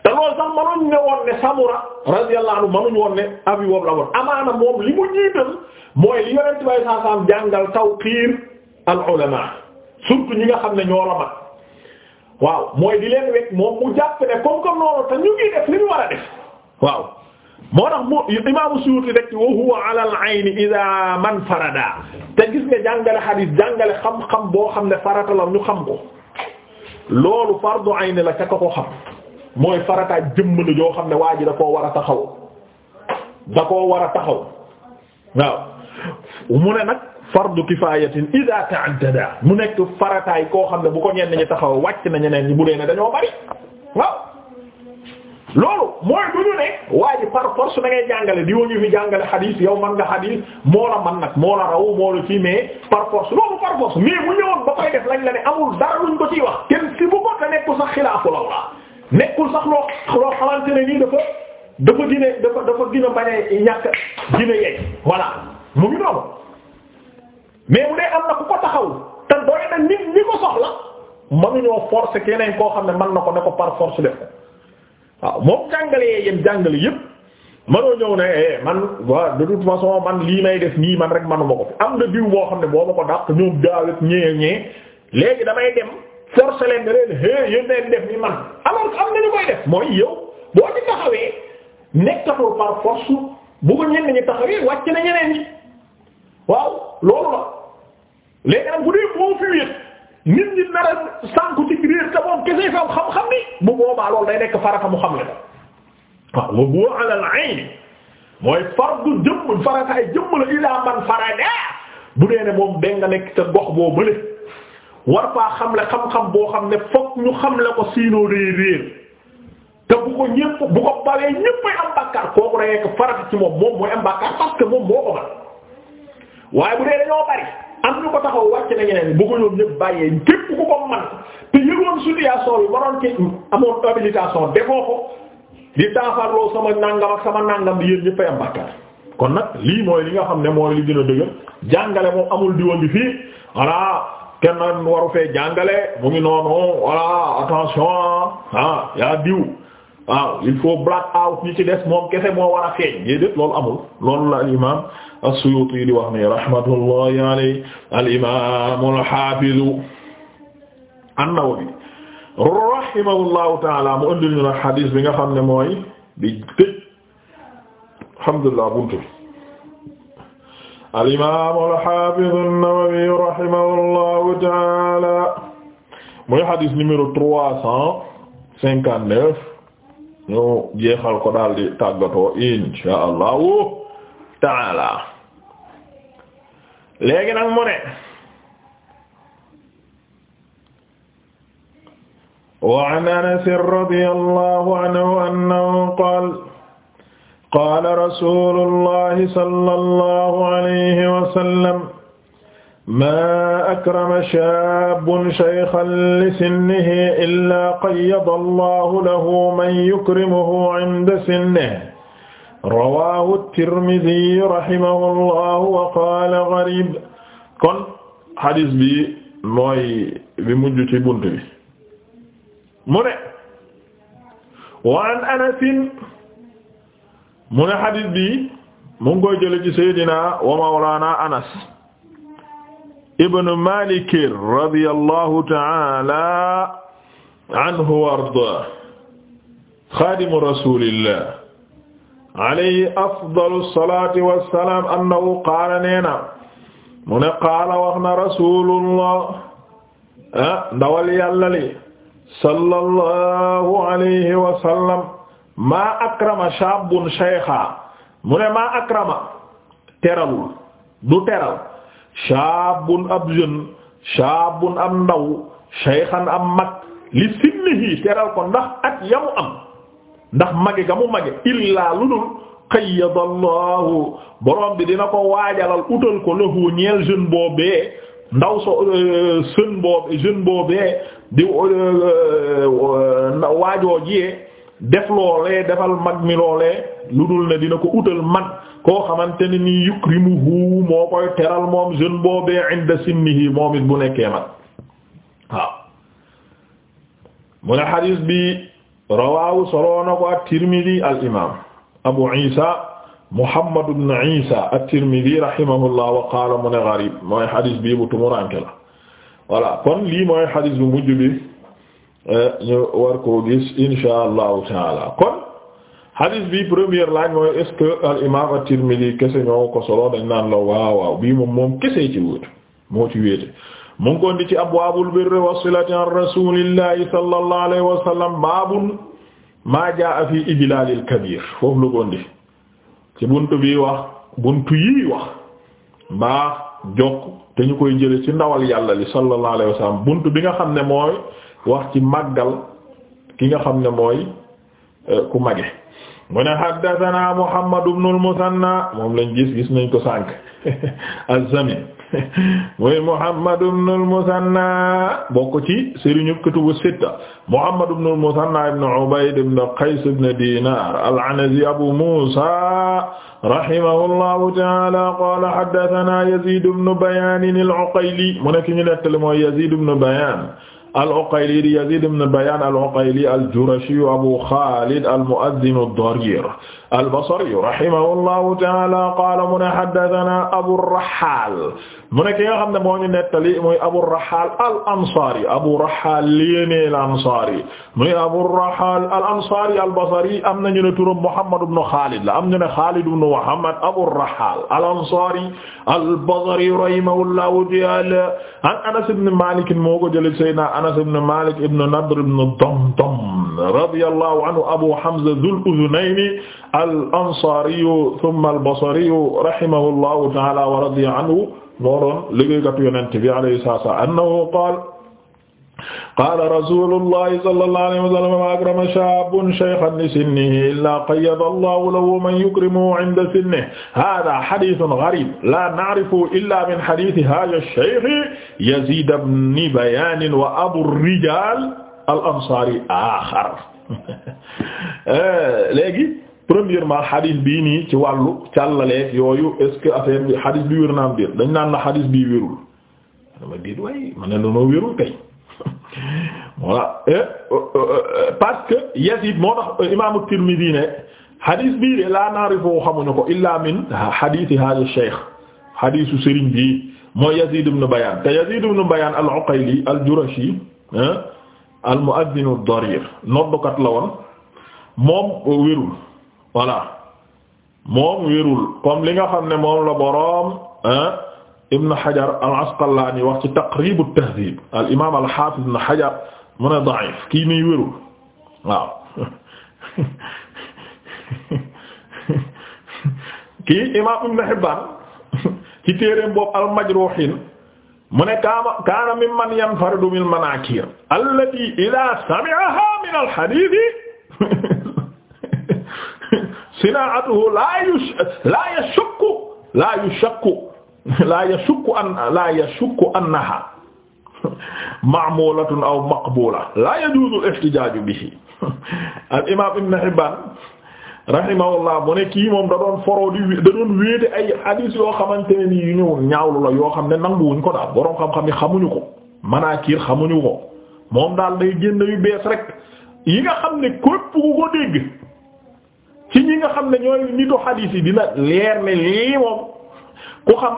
te loolu sax mënuñ ne woon Samura radiyallahu anhu mënuñ woon ne abi woom la woon amaana moom li mu jiital mooy li yonent bay saa saam jàngal tawqiir al ulama surtout ñi nga xam ne ñoo waaw mooy di leen wekk moom mu jàpp ne comme comme noonu te ñu ngi def li ñu waaw moo tax mu imaamu Suyuti rek wa huwa ala al ayn ida man farada te gis nga jàngale xadiis xam-xam boo xam ne farata la ñu xam ko loolu fardu ayn la ca ko mooy farataay jëmm la joo xam ne waa ji da koo war a taxaw da koo war a taxaw waaw mu ne nag fardu kifayatin idha ta'addada mu nekk farataay koo xam ne bu ko ñenn ñi taxaw wàcc na ñeneen ñi bu dee ne dañoo bari waaw loolu mooy bu ñu ne waa ji par force da jàngale di woo ñu fi jàngale xadiis yow man nga xadiis moo la man nag moo la raw moo la ci mais par force loolu par force mais mu ñëwoon ba koy def lañ la ne amul dara luñ ko ciy wax kenn si bu ko te nekku nekkul sax loo loo xamante ne nii dafa dafa dina dafa dafa dina bañ ñàkk dina yeeg voilà mu ngi noonu mais bu dee am na ku ko taxaw te doy na nit ñi ko soxla mënuñoo forcer keneen koo xam ne man na ko ne ko par force def ko waaw moom jàngalee yéen jàngale yépp mënoo ñëw ne eh man waa de toute façon man lii may def nii man rek manuma ko fi am na diw boo xam ne boo ko dàq ñoom gaaw ak ñee ñee léegi damay dem. forcer leen ne leen hé yéen leen def ni man alors que am ñu koy def mooy yow boo ci taxawee nekkatul par force bu ko ñenn ñi taxawee wàcc na ñeneen ñi waaw loolu la léegi nag bu dee moo fi wéet nit ñi nar a sànku ci réer te moom kese fa xam-xam ni bu boobaa loolu day nekk farata mu xam le ko waaw wa huwa ala al-ayn mooy fardu jëmm farataay jëmm la ilaa man farada bu dee ne moom dégg nekk ca gox boo bële. war faa xamle xam-xam boo xam ne fokk ñu xamle ko siinoo day réer te bu ko ñépp bu ko bawee ñéppay am bàkkaar kooku rek ko taxaw wàcc na ñeneen bu ko ñoom bàyyee képp waroon ci amoon habilitation defoo di taafarloo sama nàngam ak sama nàngam bi yéen ñéppay kon nag lii mooy li nga xam ne mooy li gën a jàngale moom amul di woon bi fii voilà kenn waru fee jàngale mu ngi noonu voilà attention ah yaa diw waaw il faut black out ñi ci des moom kese moo war a feeñ déedéet loolu amul loolu la al imam as-Suyuti di wax ni rahmatullahi alayhi al imam al-Hafiz an-Nawawi rahimahullahu taala mu ëndil ñu na xadiis bi nga xam ne mooy di tëj alhamdulillah buntu bi al-imaam al-haafiz an-Nawawi rahimahullahu ta'aala muy hadis numéro trois cent cinquante neuf ñu jeexal ko daal di tàggatoo inshaa Allahu ta'aala léegi nag mu ne wa an Anas radiyallahu anhu annahu qaala qaala rasuulullahi sallallahu alayhi wa sallam maa akrama shaabun shaykhan li sinnihi illaa qayyada allahu lahu man yukrimuhu inda sinnihi rawaahu tirmidii rahimahullahu wa qaala gariib kon xadis bi mooy bi mujj ci bunt bi mu ne waan anasin mu ne xadis bi mu ngi koy jële ci saydina wa mawlana anas ibn malik radiyallahu ta'ala anhu wa ardaa xaadimu rasulillah alayhi afdalu salati wassalam annahu qaala neena mu ne qaala wax na rasulullah ah ndawal yàlla li sallallahu alayhi wa sallam maa akrama shaabun shaykha mu ne maa akrama teralul du teral shaabun ab jeune shaabun am ndaw shaykhan am mag li sinnihi teral ko ndax at yamu am ndax mage ga mu mage illaa lu dul qayyadallahu borom bi dina ko waajalal utal ko lahu ñeel jeune boobee ndaw so euh, jeune boobe jeune boobee di euh, euh, waajoo jiyee def loolee defal mag mi loolee lu dul ne dina ko utal mag koo xamante ni nii yukrimuhu moo koy teral moom jeune boobee inda sinnihi moom it bu nekkee mag waaw mu ne xadis bi rawaahu soloo na ko at-Tirmidhi al imam Abu Isa Muhammad ibn Isa at-Tirmidhi rahimahullah wa mooy xadis bi bu tumuranke la kon lii mooy xadis bu mujj bi Eh, ñu war koo gis insha allahu taala kon hadis bi première laaj mooy est-ce al imam at-Tirmidhi kese ñoo ko solo dañ naan la waaw moom kese ci wéetu moo ci wéete mu ngi kon di ci abwaabul birri an rasulillahi sallallahu alayhi maa jaa fi ijlalil kabir foofu la ci buntu bi wax buntu yi wax mbaax jokk te ñu koy jële ci ndawal yàlla buntu bi nga xam ne mooy wax ci màggal ki nga xam ne mooy euh, ku mage mu ne haddathana Muhammad ibn al-Musanna moom lañ gis gis nañ ko sànq az-Zamin muy Muhammad ibn al-Musanna bokk ci sëriñu kutubu sitta Muhammad ibn al-Musanna ibn Ubayd ibn Qays ibn Dinar al-Anazi Abu Musa rahimahullahu ta'ala qala haddathana Yazid ibn Bayan al-Uqayli mu nekk ñu nettali mooy Yazid ibn Bayan al-Uqayli di Yazid ibn Bayan al-Uqayli al-Jurashi Abu Khalid al-Mu'adhdhin ad-Darir al-Basri rahimahullahu ta'ala qaala mu ne haddathana Abu Rahal mu ne ki nga xam ne moo ñu nettali mooy Abu Rahal al-Ansari Abu Rahal liyene al-Ansari muy Abu Rahal al-Ansari al-Basri am nañu ne turam Muhammad ibn Khalid la am ñu ne Khalid ibn Muhammad Abu Rahal al-Ansari al-Basri rahimahullahu ta'ala an Anas ibn Malik moo ko jëlee Seydina Anas ibn Malik ibn Nadr ibn Damdam radiyallahu anhu Abu Hamza dhul udhunayni al ansaariyu thumma al basariyu rahimahullahu ta'ala wa radiya anhu moo doon liggéeykatu yonent bi alayhi salaam annahu qaala qaala rasuulullahi sallallahu alayhi wa sallam maa akrama shaabun shaykhan li sinnihi illaa qayyada Allahu lahu man yukrimuhu 'inda sinnihi haadha hadiithun ghariib laa na'rifuhu illaa min hadiithi haadha ash-shaykh Yaziid ibn Bayaan wa abu ar-rijaal al-ansaari aakhar eh, léegi premièrement xadis bii nii ci wàllu càllaleeg yooyu est-ce que bi xadis bi wér na am dañ naan na xadis bii wérul dama déet euh, euh, euh, moo tax imaamu Tirmidhi ne xadis bii de laa naarifoo xamuñu ko illa min xadisi hada cheikh xadisu Serigne bii mooy Yazid ibn Bayan te Yazid ibn Bayan al-Uqayli al-Jurashi al-mu'adhdhin ad-darir noddukat la moom wérul voilà moom wérul comme li nga xam ne moom la boroom Ibn Hajar al-Asqalani wax ci Taqrib at-Tahdhib al imaam al-Hafiz Ibn Hajar mu ne da'if kii nii wérul waaw Ibn Hibban ci téereem al-Majruhin mu ne kaana kaana mimman yanfaridu bil manakir allati idha sami'aha min al-hadith sinaatuhu laa yush laa yashukku laa yushakku laa yashukku an laa yashukku annaha ma'mulatun aw maqbula laa yajuuzu al-ihtijaaju bihi al imaam Ibn Hibbaan rahimahullah mu ne kii moom da doon foroo di da doon wéete ay hadiis yoo xamante ne nii yu ñëw ñaawlu la yoo xam ne nanguwuñ ko daal boroom xam-xam yi xamuñu ko manaakiir xamuñu ko moom daal day génn yu bees rek yi nga xam ne képp ku ko dégg. ci ñi nga xam ne ñooy nitu xadiis yi dina leer ne lii moom ku xam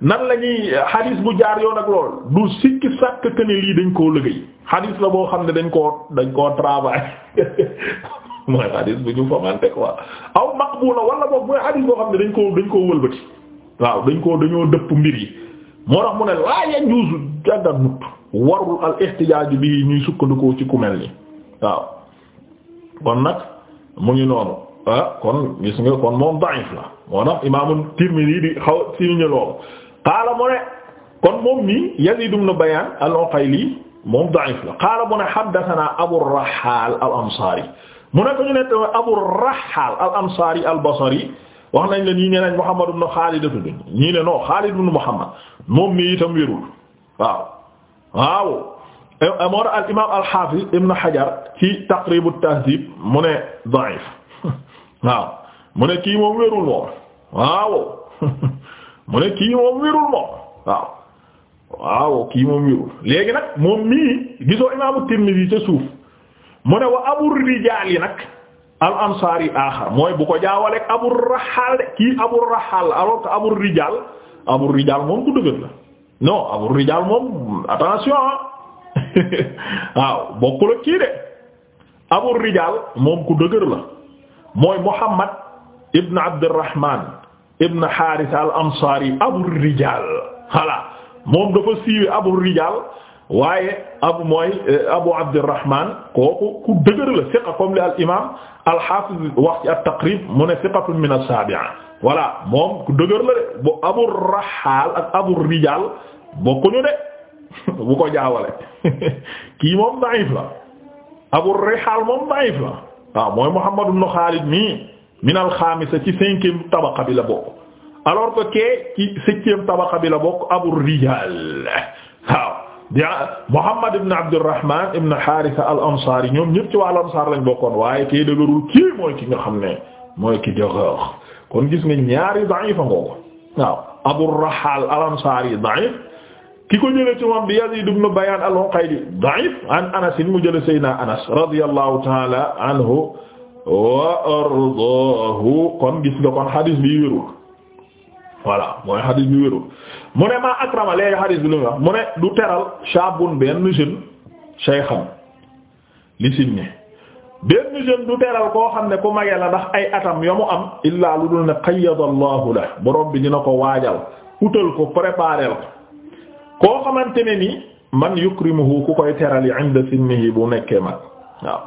nan lañuy ñuy bu jaar yoon ak lool du sikki sàkk que lii dañ koo liggéey xadiis la boo xam ne dañ koo dañ koo travail mooy ñu famante quoi aw maqbula wala boog mooy xam ne dañ koo dañ koo wëlbati waaw dañ koo dañoo dëpp mbir yi moo tax mu ne laa yajuuzu jàggat nut warul al ihtijaaj bi ñuy sukkandikoo ci ku mel ni waaw kon nag mu ngi noonu ah kon gis nga kon moom da'if la moo tax imaamu di xaw si ñu loolu qaala kon moom nii Yazid ibn Bayan al-Uqayli moom da'if la qaala mu ne haddathana Abu Rahhal al-Ansari mu ne ko ñu ne Abu Rahhal al-Ansari al-Basri wax nañ la ñii nee nañ Muhammad ibn Khalid dafa dund ñii ne non Khalid ibn Muhammad moom mii itam moo tax al imaam al xaafiz ibn Hajar ci Taqrib at-Tahdhib mu ne da'if waaw mu ne kii moom wérul moom waaw mu kii moom wérul moom waaw kii moom wérul léegi nag moom mii gisoo imaamu Tirmidhi ca suuf mu wa abu rijaal yi nag al ansaari aaxar mooy bu ko jaawaleeg abu raxaal kii abu raxaal alors que abu rijaal abu rijaal moom ku dëgër la abu rijaal moom attention. waaw bokkul ak kii de abu rijaal moom ku dëgër la mooy muhammad ibn abdurrahman ibn haris al ansari abu waaye abu mooy eh, abu abdurrahman kooku ku dëgër la siqa li al imam al hafiz wax ci taqrib mu ne siqatun min as-sabi'a voilà moom ku dëgër bu ko jaawale kii moom da'if la abu rihaal moom da'if la ah, mooy muhammad ibn xaalid mi min al xaamisa ci cinquième tabaqa bi la bokk tabaqa bi la bokk abu rijaal waaw di ah, muhammad ibn abdurrahman ibn al ansaari ñoom ñëpp ci waa al ansaar lañ bokkoon waaye kee dëgërul kii mooy ki nga xam ne mooy ki dëgër kon gis nga ñaari da'ifa ngoo ko abu rihaal al ansaari da'if ki ko jëlee ci moom bi Yazid ibn Bayan al-Uqayli da'if an Anas mu jëlee Seydina ta'ala anhu wa ardaahu kon gis kon hadith bi wérul voilà mooy hadith bi wérul mu maa akrama léegi hadith bi lu mu du teral shabun benn jeune shaykhan li sinni benn jeune du teral koo xam ne ku la ndax ay atam yo am illaa lu dul ne qayyada la borom bi dina ko waajal utal ko préparer koo xamante ne ni man yukrimuhu ku koy terali yi sinnihi bu nekkee mag waaw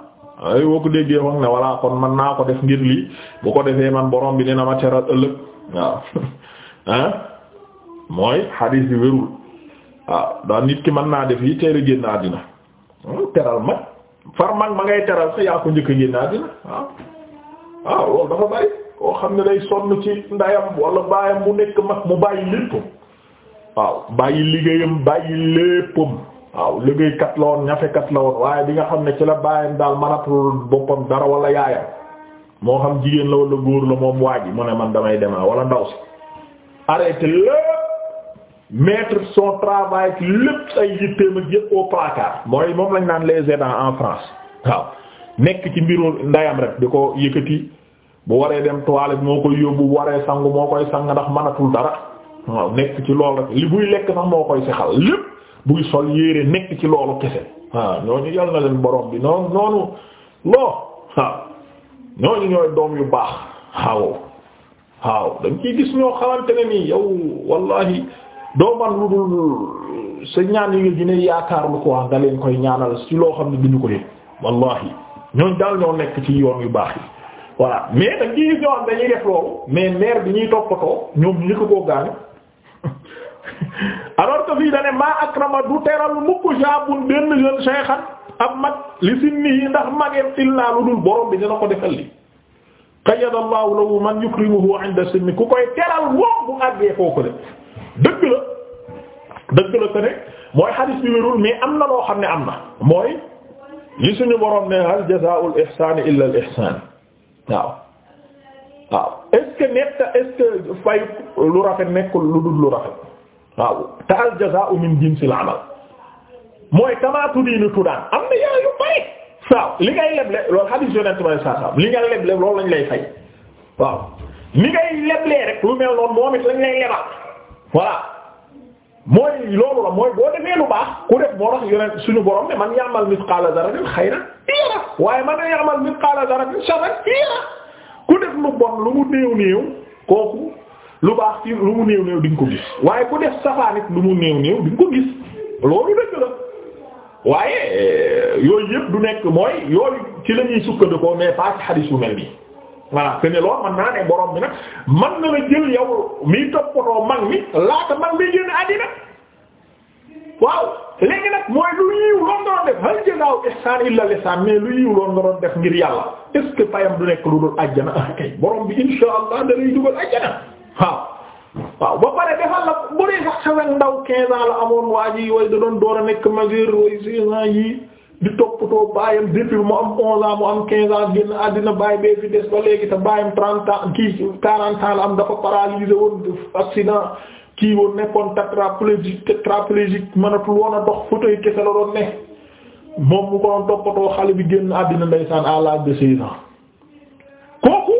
ay woo ko déggee foog ne walla kon man naa ko def ngir lii bu ko defee man borom bi na ma teral ëllëg waaw ah mooy xadiis bi wérul waaw nit ki mën naa def yi teel a génn àddina hmm, teral mag ngay teral sa njëkk a génn dafa bari koo xam ne day sonn ci ndayam wala baayam mu nekk mag mu bàyyi lépp waaw bàyyi liggéeyam bàyyi léppam waaw liggéeykat la woon ñafekat la woon waaye bi nga xam ne ci la bàyyam daal manatul boppam dara wala yaayam moo xam jigéen la wala góor la moom waa ji mu ne man damay demaa wala ndaw si arrêté lépp mettre son travail ci lépp say yitteem ak yëpp au placard mooy moom lañ naan les aidants en France waaw nekk ci mbiru ndayam rek di ko yëkkati bu waree dem toilette moo koy yóbbu bu waree sangu moo koy sang ndax manatul dara waaw nekk ci loolu rek li buy lekk sax moo koy sexal lépp buy sol yéere nekk ci loolu kese waaw ñooñu yal na leen borom bi noonu noonu loo waaw ñooñu ñooy doom yu baax waaw waaw dañ ciy gis ñoo xamante ne nii yow wallahi doo ñaan yi nga yaakaar ko wax nga leen loo xam ne duñu ko yëg wallahi ñooñ daal ñoo nekk ci yoon yu baax yi voilà mais dañ ciy gis ñoo xam dañuy def loolu mais maire bi ñuy toppatoo ñoom ñu ko gaañu alors que fii da ne maa akrama du teral mukk jaabun benn jeune shaykhan ab mag li sinnihi ndax mageem illaa lu borom bi dina ko defal li qayyadallahu lahu man yukrimuhu 'inda sinni ku koy teral moom bu àggee foo ko de dëgg la dëgg la ne mooy xadis bi wérul mais am na loo xam ne am mooy li suñu borom ne hal jazaa'ul ihsaani illa al ihsaan waaw netta est-ce que fay lu rafet nekkul lu rafet waaw te al jazaa'u min jinsil amal mooy kamaa tudiinu tudaan am na yaa yu waaw li ngay leble loolu hadith yonent ba saa saa li nga leble loolu lañ lay fay waaw li ngay leblee rek lu mel noonu moom it lañ lay lebal voilà mooy loolu la mooy boo defee lu baax ku def moo tax yonent suñu borom ne man ya'mal mithqaala dharratin khayran yara waaye man ya'mal mithqaala dharratin sharran yara ku def lu bon lu mu néew néew kooku lu baax ci lu mu néew néew di ko gis waaye ku def safaan lu mu néew néew di ko gis loolu dëgg la waaye eh, yooyu yëpp du nekk mooy yooyu ci lañuy ñuy sukkandikoo mais pas ci xadiis yu mel nii voilà te ne loolu man naa ne borom bi nag man na la jël yow miy toppatoo mag mi laata mag mi génn àddina waaw léegi nag mooy lu yiw loon nga doon def hal jazaaw ihsaan illa lihsaan mais lu yiw loon def ngir yàlla est ce payam du nekk lu dul àjjana borom bi insha allah da lay ndaw 15 ans la amoon waa ji yooyu da doon door a nekk majeur yooyu 16 ans yii di toppatoo baayam depuis mu am 11 ans mu am 15 ans génn àddina baay bee fi des ba léegi te baayam 30 ans kii 40 ans la am dafa paralysé woon kii woon nekkoon tétraplégique tétraplégique mënatul woon a dox fauteuil kese la doon ne moom mu ko doon toppatoo xale bi génn àddina ndeysaan à l'âge de 16 kooku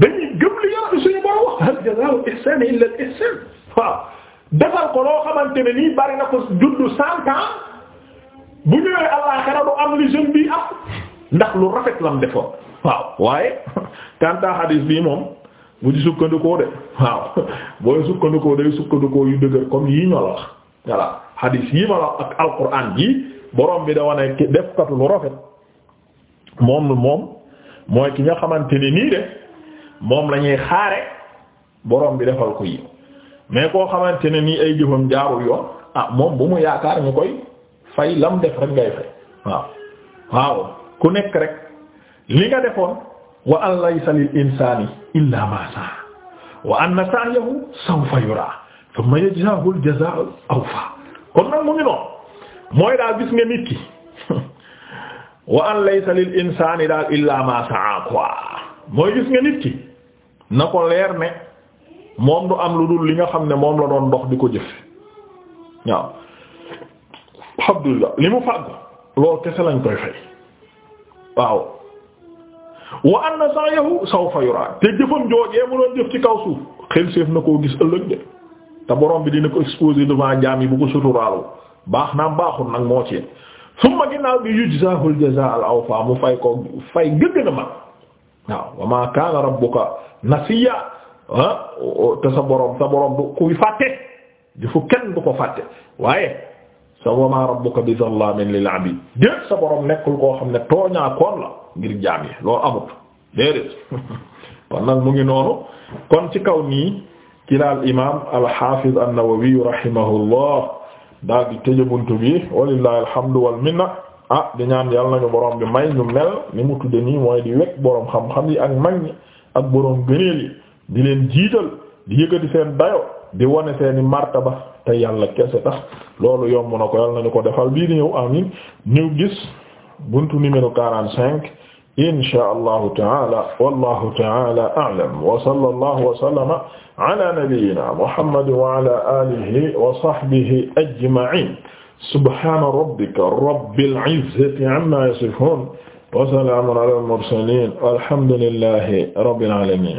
dañuy gëm li suñu borom wax al jazaa'u defal ko loo xamante ne bari na ko juddu cent bu ñëwee àllaxira du am li jeune bi am ndax lu rafet lam defoon waaw waaye kanta hadis bii moom bu ci sukkandikoo de waaw booy sukkandikoo day sukkandikoo yu dëgër comme yii ñoo la wax voilà yii ma la wax ak alquran ji borom bi da wane def kat lu rafet moom moom mooy ki nga xamante ni nii de moom la xaare borom bi defal ko yi mais koo xamante ne nii ay jëfam jaarul yoon ah moom bu mu yaakaar ñu koy fay lam def rek ngay fay waaw waaw ku nekk rek li nga defoon wa an laysa lil insani illa ma saa wa anna sa'yahu sawfa yura thumma yajzahu al jazaa'u awfa kon nag mu ngi noonu mooy daal gis nga nit ki wa an laysa lil insani daal illa ma saa quoi mooy gis nga nit ki na ko leer ne moom du am lu dul li nga xam ne moom la doon dox di ko jëf waaw alhamdulillah li mu fàggu loolu kese lañ koy fay waaw wa anna sa'yahu sawfa yura te jëfam joojee mu doon jëf ci kaw suuf xel séef na koo gis ëllëg de te borom bi dina ko exposer devant jaam yi bu ko suturaalu baax naa baaxul nag moo ci summa ginnaaw bi yujzaahu al-jazaa al-awfaa mu fay ko fay gëgg na mag waaw wa maa kaana rabbuka nasiya ah te sa borom sa borom du kuy fàtte jëfu kenn du ko fàtte waaye sa wama rabbuka bi zallamin lil abid déet sa borom nekkul koo xam ne tooñaakoon la ngir jaam yi loolu amut déedéet kon nag mu ngi noonu kon ci kaw nii ci la al imam al hafiz an-Nawawi rahimahullah daal di tëje buntu bi walillahi alhamdu wal minna ah di ñaan yàlla nañu borom bi may ñu mel ni mu tudde nii mooy di wekk borom xam-xam yi ak mag ñi ak borom gëneel di leen jiital di yëkkati seen dayo di wane seeni martaba te yàlla kese tax loolu yomb na ko yàlla nañu ko defal bii di ñëw amin ñu gis buntu numéro quarante-cinq insha allahu taala wallahu taala a'lam wa sallallahu wa sallama ala nabiyyina muhammad wa ala alihi wa sahbihi ajma'in subhana rabbika rabbil izzati amma yasifun wa salamun ala al mursalin walhamdulillahi rabbil alamin